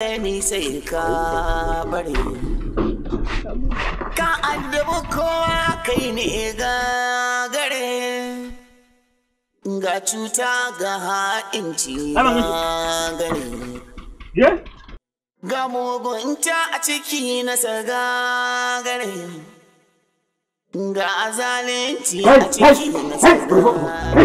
ni sai ka bari ka addabi kowa kai ne gagare ga cuta ga ha'inci gare ga mugunta a ciki na sagagare ga zalunci a ciki na sagagare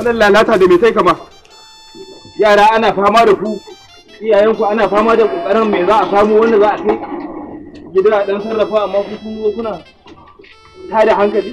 wannan lalata da mai sai kama yara ana fama da ku iyayenku ana fama da kokarin mai za a samu wanda za a kai gida dan sarrafa amma ku kun zo kuna tada hankali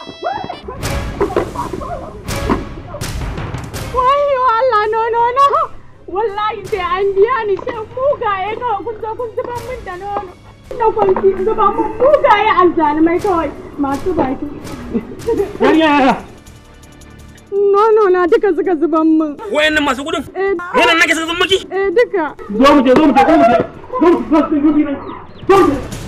Wai Allah no no no wallahi sai an biya ni sai mugaye kawai kun zo kun zuban min da nono. Da kwanci zuba mun mugaye azzalumai kawai masu baki. Yariya Nono na duka suka zuban min. Wayannan masu gudun? Eh. Wannan nake suka zuban miki? Eh duka. Zo mu je zo mu je zo mu je. Zo mu je zo mu je.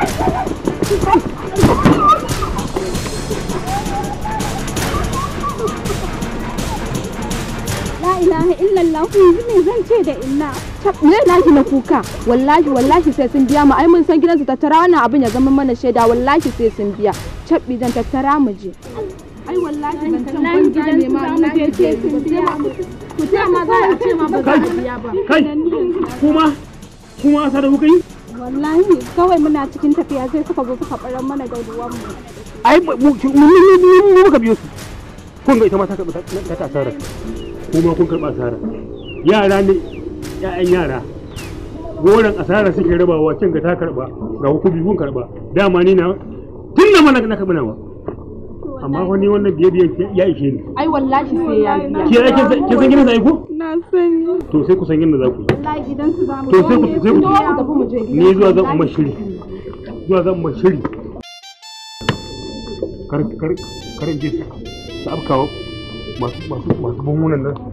ilaha ce da na kuka wallahi wallahi sai sun biya mu ai mun san tattara wannan abin ya zama mana shaida wallahi sai sun biya cabbi zan tattara mu je ai wallahi ban san ne ma mun je ce sun biya ku ma za a ce ma ba za a biya ba kai kuma kuma sa da kuka yi wallahi kawai muna cikin tafiya sai suka zo suka baran mana gauduwan mu ai mu muka biyo su kun ga ita ma ta karɓa ta asara kuma kun karɓa asara yara ne ƴaƴan yara goron asara suke rabawa kin ga ta karɓa ga hukumi kun karɓa dama ni na tun da mana na karɓa nawa amma wani wannan biye biye ya ishe ni ai wallahi sai ya biya ke ake san gidan sai ku na san to sai ku san gina za ku wallahi gidan su za to sai ku sai ku tafi mu je gidan ni zuwa zan umma shiri zuwa zan umma shiri kar kar kar je su afkawa masu masu masu bangunan nan